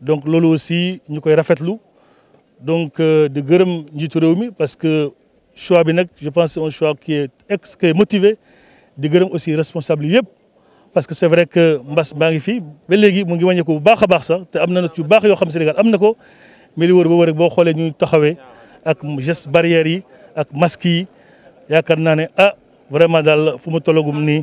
donc lolo aussi nous rafetlu donc euh, de parce que choix je pense c'est un choix qui est ex motivé de aussi responsable parce que c'est vrai que Mbass, baa ngi fii ba mu ngi baax na baax mais des gestes barrières yi ak masques yi des ah, vraiment nous tologum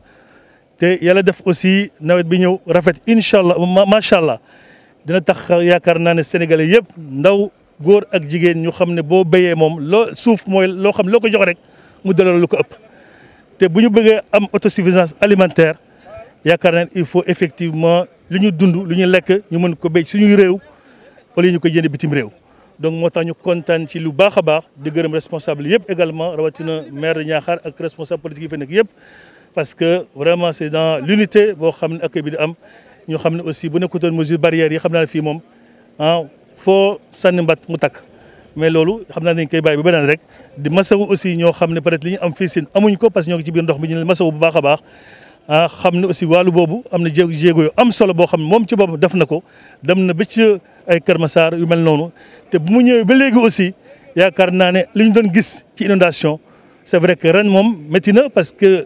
il yalla def aussi nawet bi sénégalais ndaw ak ñu xam autosuffisance alimentaire il faut effectivement lu dund lu ñu ñu ko réew wala ñu ko donc mo tax ñu ci lu baax également maire de ak responsable politique yi parce que vraiment c'est dans l'unité boo xam ne accueil bi di am ñu ne aussi bu nekkutoon mesure barrière yi xamna fi mom fii moom ah mbat mu tak mais lolu xamna naa kay bay bàyyi benen rek di masawu aussi ñoo xamne peut-être li ñu am fi sin amuñ ko parce que ci biir ndox mi ñu leen masawu bu baax baax ah xam aussi walu bobu amna na jéego am solo bo xamne mom ci bobu def nako dem na ba ay kermassar yu mel nonu te bu mu ñëwee ba légui aussi yaakaar naa ne li doon gis ci inondation c'est vrai que ren mom métti na parce que